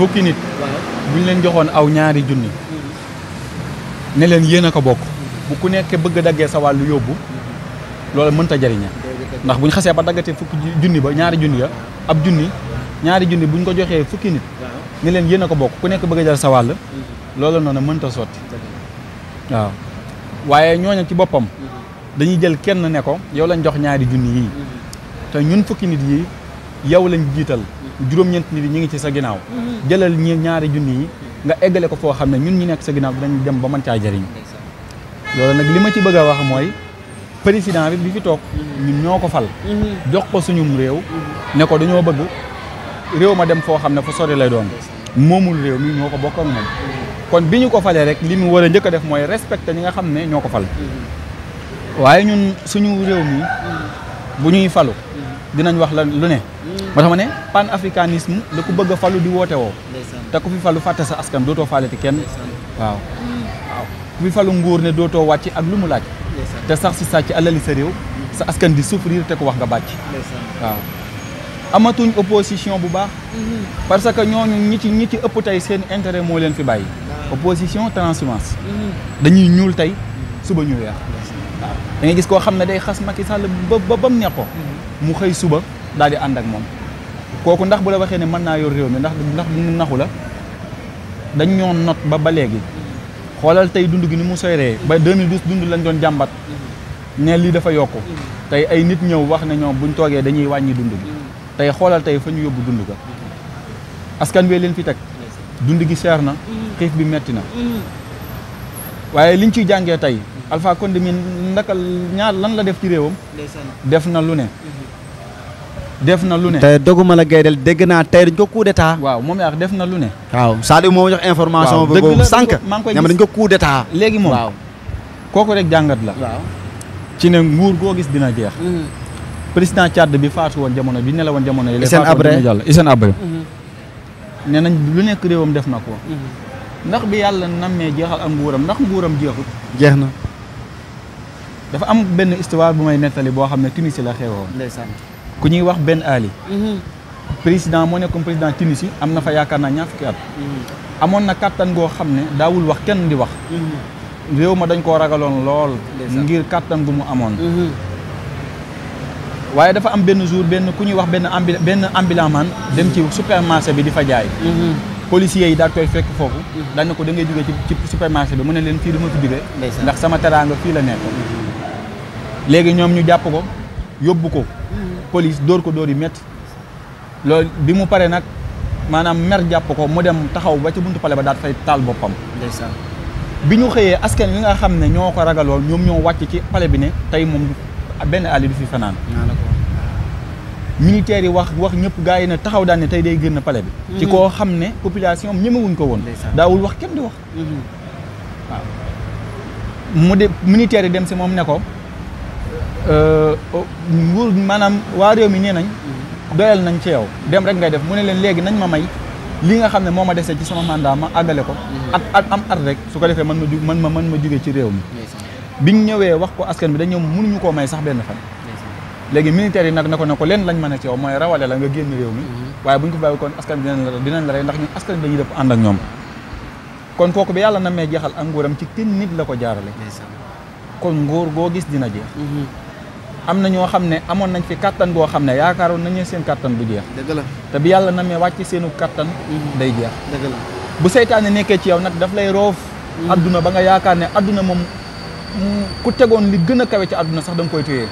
fukki nit buñ leen joxoon aw ñaari junni ne leen yéen a ko bokk bu ku nekk bëgg a daggee sa wàllu yóbbu loolu mënta jariña ndax buñ xasee ba daggatee fukki junni ba ñaari junni ya ab junni ñaari junni bu buñ ko joxee fukki nit ne leen yéen a ko bokk ku nekk bëgg a jël sa wàll loolu noonu mënta sotti waaw waaye ñooñu ci boppam dañuy jël kenn ne ko yow lañ jox ñaari junni yii te ñun fukki nit yii yow lañ jiital juróom-ñeent nit ñi ngi ci sa ginnaaw mhm. jëlal ñi ñaari junni yi nga eggale ko foo xam ne ñun ñi nekk sa ginnaaw dinañ dem ba man caa jëriñ loolu nag li ma ci bëgg a wax mooy président bi bi fi toog mhm. ñun ñoo ko fal mhm. jox ko suñum réew ne ko dañoo bëgg réew ma dem foo xam ne fa sori lay doon moomul réew mii ñoo ko bokk ak kon bi ñu ko falee rek li mu war a njëkk a def mooy respecté ñi nga xam ne ñoo ko fal waaye ñun suñu réew mi bu ñuy falu dinañ wax la lu ne. Mm. moo tax ma ne pan panafricanisme la ku bëgg a falu di woote woo. te ku fi falu fàtte sa askan dootoo faaleti kenn. waaw mm. waaw ku fi falu nguur ne dootoo wàcc ak lu mu laaj. te sax si sàcc alali sa réew. sa askan di souffrir te ko wax nga bàcc. waaw amatuñ opposition bu baax. Mm-hmm. parce que ñooñu ñi ci ñi ci ëpp tey seen intérêt moo leen fi bàyyi. opposition transhumance. Mm-hmm. dañuy ñuul tey suba ñu weex. waaw gis koo xam ne day xas Macky Sall ba ba mu neex ko mm-hmm. mu xëy suba daal ànd ak moom kooku ndax bu la waxee ne mën naa yor réew mi ndax ndax mu naxu la dañ ñoo not ba ba léegi xoolal tey dund gi ni mu soyree ba 2012 dund lañ doon jàmbat ne lii dafa yokk tey ay nit ñëw wax ne ñoom buñ toogee dañuy wàññi dund gi tey xoolal tey fa ñu yóbbu dund ga askan wi leen fi teg dund gi seer na xiif bi metti na waaye liñ ciy jàngee tey Alpha kon mi ndaka ñaar lan la def ci réewam def na lu ne def na lu ne te doguma la gay dégg naa tey dañ ko coup d'état waaw moom yaa na lu ne waaw cest jox information bi boobu sànq ñam dañ ko coup taa léegi moom waaw kooku rek jàngat la ci ne nguur goo gis dina jeex mhm. président Tchad bi faatu woon jamono bi ne la woon jamono yi Hissène Habré Hissène mhm. Habré ne nañ lu nekk réewam def na ko mhm. ndax bi yàlla nammee jeexal ak nguuram ndax nguuram jeexut jeex na dafa am benn histoire bu may nettali boo xam ne Tunisie la xewoon ndeysaan ku ñuy wax benn Ali mhm. président moo nekkoon président Tunisie am na fa yaakaar naa ñaar fukki mhm. amoon na kàttan goo xam ne daawul wax kenn di wax mhm. réew ma dañ koo ragaloon lool ngir kàttan gu mu amoon waaye dafa am benn jour benn ku ñuy wax benn ambi benn ambulant dem ci supermarché bi di fa jaay policiers yi daal koy fekk foofu dañ ko da ngay jógee ci ci supermarché bi mu ne leen fii du ma fi jógee ndax sama teraanga fii la nekk léegi ñoom ñu jàpp ko yóbbu ko police dóor ko dóor yi métti loolu bi mu paree nag maanaam mer jàpp ko mu dem taxaw ba ca buntu pale ba daal fay taal boppam bi ñu xëyee askan wi nga xam ne ñoo ko ragaloon ñoom ñoo wàcc ci pale bi ne tey moom benn àll du fi fanaan militaires yi wax wax ñëpp gars yi na taxaw daan ne tey day génn pale bi. ci mhm. koo xam ne population am ñemewuñ ko woon. daawul wax kenn di wax. Mhm. waaw mu de militaires yi dem si moom ne ko euh, euh, nguur maanaam waa réew mi nee nañ. Mhm. doyal nañ ci yow dem rek ngay def mu ne leen léegi nañ ma may li nga xam ne moo ma desee ci sama mandat ma àggale ko. at at am at rek su ko defee mën ma ju mën ma mën ma jugee ci réew mi. ñu ñëwee wax ko askan bi dañ ñëw mënuñu koo may sax benn fan. léegi militaires yi nag ne ko ne ko leen lañ mën a ci yow mooy rawale la nga génn réew mi mhm. waaye bu ñu ko bàyyi kon askan bi dinañ la dinañ la rey ndax ñun askan bi dañuy def ànd ak ñoom kon kooku bi yàlla na mee jeexal ak nguuram ci kenn nit la ko jaarale kon nguur goo gis dina jeex mhm. am na ñoo xam ne amoon nañ fi kattan goo xam ne yaakaaroon nañu seen kattan bu jeex dëgg la te bi yàlla na mee wàcc seenu kàttan mhm. day jeex la bu seytaane nekkee ci yow nag daf lay roof adduna ba nga yaakaar ne adduna moom ku tegoon li gën a kawe ci adduna sax da koy téye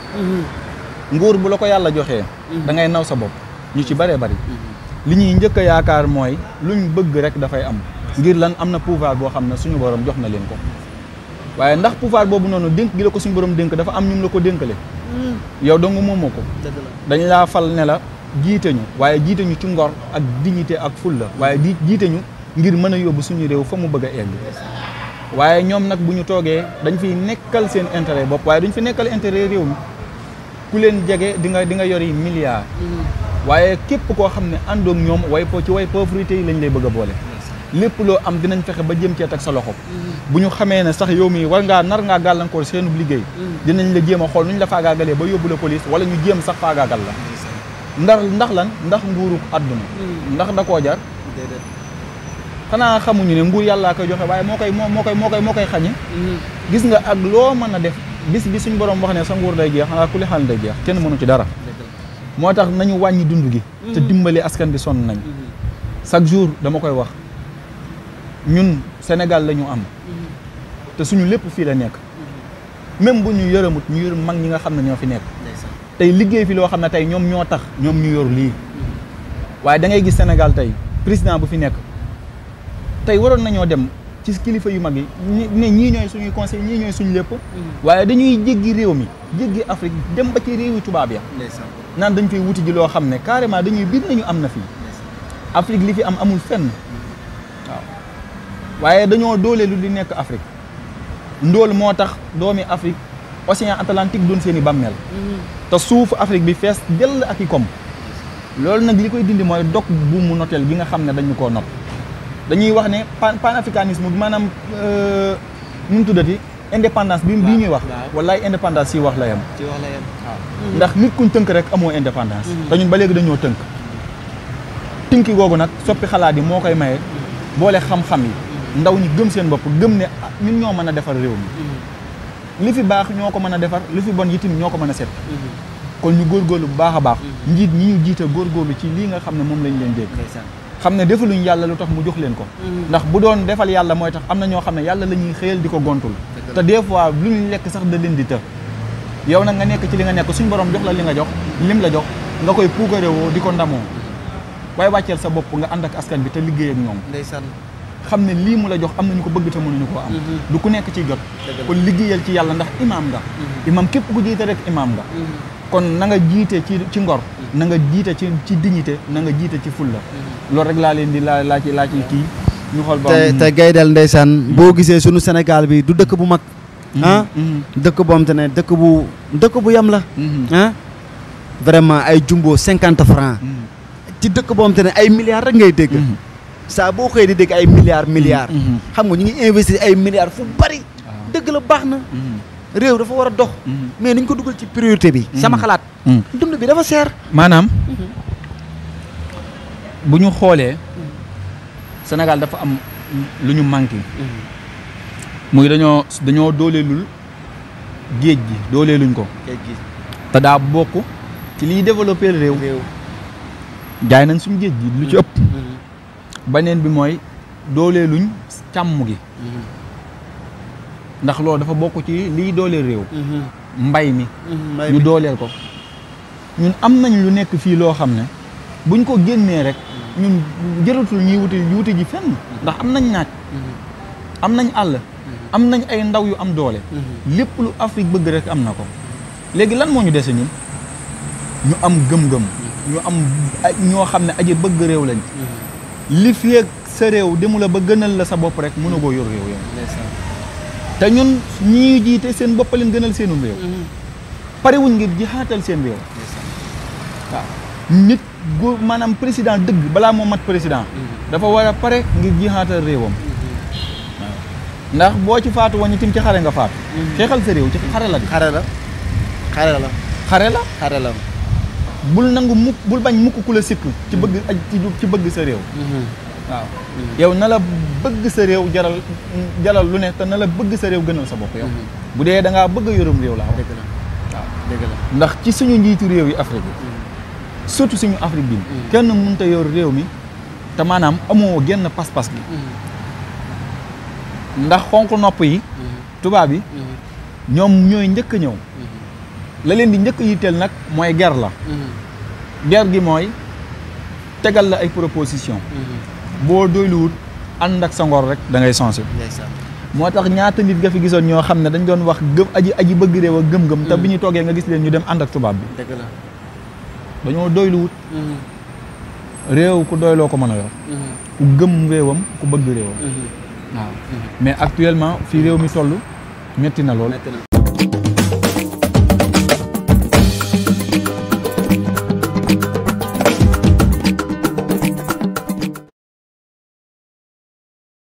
nguur bu la ko yàlla joxee mhm. dangay naw sa bopp ñu ci bëree bëri mhm. li ñuy njëkk yaakaar mooy lu ñu bëgg rek dafay am ngir lan am na pouvoir boo xam ne suñu borom jox na leen ko waaye ndax pouvoir boobu noonu dénk gi la ko suñu borom dénk dafa am ñum la ko dénkale mhm. yow dong moomoo ko dañ laa fal ne la jiite ñu waaye jiite ñu ci ngor ak dignité ak la waaye di jiite ñu ngir mën a yóbbu suñu réew fa mu bëgg a egg waaye ñoom nag bu ñu toogee dañ fiy nekkal seen intérêt bopp waaye duñ fi nekkal réew mi ku leen jege di nga di nga yor yi milliards. Mm-hmm. waaye képp koo xam ne àndoog ñoom way po ci way pauvreté yi lañ lay bëgg a boole. lépp loo am dinañ fexe ba jëm cee teg sa loxo. Mm-hmm. bu ñu xamee ne sax yow mii war ngaa nar ngaa gàllankoor seenub liggéey. Mm-hmm. dinañ la jéem a xool nuñ la faagaagalee ba yóbbu la police wala ñu jéem sax faagaagal la. ndax ndax lan ndax nguurub àdduna. ndax da koo jar. xanaa xamuñu ne nguur yàllaa koy joxe waaye moo koy moo koy moo koy moo koy xañe. gis nga ak loo mën def. bis bi suñ borom wax ne sa nguur day jeex xanaa ku li xaal day jeex kenn mënu ci dara moo tax nañu wàññi dund gi mm-hmm. te dimbali askan bi sonn nañ chaque jour dama koy wax ñun Sénégal la am mm-hmm. te suñu lépp fii la nekk mm-hmm. même bu ñu yërëmut ñu yërëm mag ñi nga xam ne ñoo fi nekk tey liggéey fi loo xam ne tey ñoom ñoo tax ñoom ñu yor lii waaye da ngay gis Sénégal tey président bu fi nekk tey waroon nañoo dem ci kilifa yu mag yi ne ñii ñooy suñuy conseil ñii ñooy suñu lépp mm-hmm. waaye dañuy jéggi réew mi jéggi Afrique dem ba ci réewi tubaab ya naan dañ fay wuti ji loo xam ne carrément dañuy biir nañu am na fii Afrique li fi am amul fenn mm-hmm. waaye dañoo dooleelu li nekk Afrique ndóol moo tax doomi Afrique océan Atlantique doon seen i bàmmeel mm-hmm. te suufu Afrique bi fees dell ak i koom loolu nag li koy dindi mooy dog bu mu noteel bi nga xam ne dañu koo nopp dañuy wax ne pan panafricanisme maanaam euh, nu mu tuddati indépendance bi bi ñuy wax. wallaay indépendance si wax la yem. ci wax la yem mm-hmm. ndax nit kuñ tënk rek amoo indépendance. Mm-hmm. te ba léegi dañoo tënk. tënki googu nag soppi xalaat yi moo koy maye. Mm-hmm. boole xam-xam yi. ndaw ñi gëm seen bopp gëm ne ah, ñun ñoo mën a defar réew mi. li fi baax ñoo ko mën a defar li fi bon yitim ñoo ko mën a set. kon ñu góorgóorlu bu baax a baax. njiit ñi ñu góor góorgóorlu ci lii nga xam ne moom lañ leen dégg. xam ne defaluñ yàlla lu tax mu jox leen ko mm. ndax bu doon defal yàlla mooy tax am na ñoo xam ne yàlla la ñuy xëyal di ko gontul te des fois lu ñu lekk sax da leen di të yow nag nga nekk ci li nga nekk suñu borom jox la li nga jox lim la jox nga koy puukarewoo di ko ndamoo waaye wàcceel sa bopp nga ànd ak askan bi te liggéey ak ñoom xam ne lii mu la jox am nañu ko bëgg te mënuñu koo am mm-hmm. du ku nekk ci jot kon liggéeyal ci yàlla ndax imaam nga mm-hmm. imaam képp ku jiite rek imaam nga mm-hmm. kon na nga jiite ci ci ngor nanga nga jiite ci ci dignité na nga jiite ci fulla mm-hmm. loolu rek laa leen di laa laa ci laa ci kii ñu xool ba te gaydel ndeysaan mm-hmm. boo gisee sunu senegal bi du dëkk bu mag mm-hmm. Ah? dëkk bu te ne dëkk bu dëkk bu yam la ah vraiment ay jumbo cinquante francs ci dëkk bu te ne ay milliards rek ngay dégg saa boo xëyee di dégg ay milliards milliards xam nga ñu ngi investir ay milliards fu bari ah. dëgg la baax na réew dafa war a dox. Mhm. mais niñ ko dugal ci priorité bi. sama mhm. xalaat. Mhm. dund bi dafa seer. maanaam. bu ñu xoolee. Sénégal dafa am lu ñu manqué. muy dañoo dañoo dooleelul géej gi dooleeluñ ko. géej te daa bokk ci liy développé réew. réew jaay nañ suñu géej gi lu ci ëpp. beneen bi mooy dooleeluñ càmm gi. ndax loolu dafa bokk ci liy dooleel réew. Mhm. mbay mi. Mhm, ñu dooleel ko. ñun am nañ lu nekk fii loo xam ne buñ ko génnee rek ñun jëratul ñuy wuti wuti ji fenn ndax am nañ naaj. Mhm. am nañ àll. am nañ ay ndaw yu am doole. lépp lu Afrique bëgg rek am na ko. léegi lan moo ñu dese ñun ñu am gëm-gëm. ñu am ñoo xam ne aji bëgg réew lañ. li fi ak sa réew demula ba gënal la sa bopp rek mënagoo yor réew yow. te ñun ñii jiite seen bopp leen gënal seenum réew. Mm-hmm. pare wuñ ngir jixaatal seen réew. waaw nit gu maanaam président dëgg balaa moo mat président. Mm-hmm. dafa war a pare ngir jixaatal réewam. Mm-hmm. ndax boo ci faatu woon itam ci xare nga faatu. xeexal sa réew ci xare la de. xare la xare la. xare la xare la. bul nangu mukk bul bañ mukk ku la sikk. ci bëgg ak ci bëgg sa réew. waaw mm-hmm. yow na la bëgg sa réew jaral jaral lu ne te na la bëgg sa réew gënal sa bopp yow mm-hmm. bu dee da ngaa bëgg a yorum réew la waaw dëgg ndax ci suñu njiitu réew yi Afrique bi mm-hmm. suñu Afrique bi kenn mënut a yor réew mi te maanaam amoo genn pas-pas bi ndax xonq nopp yi tubaab yi ñoom ñooy njëkk a ñëw la leen di njëkk yitteel nag mooy ger la ger gi mooy tegal la ay proposition boo doyluwut ànd ak sa ngor rek da ngay sensible moo tax ñaata nit nga fi gisoon ñoo xam ne dañ doon wax gëm aji aji bëgg réew a gëm-gëm te mm. bi ñu toogee nga gis leen ñu dem ànd ak tubaab bi dëgg la dañoo doyluwut mm-hmm. réew ku doyloo ko mën a yor mm-hmm. ku gëm réewam ku bëgg réewam mm-hmm. waaw mais actuellement fii réew mi toll metti na lool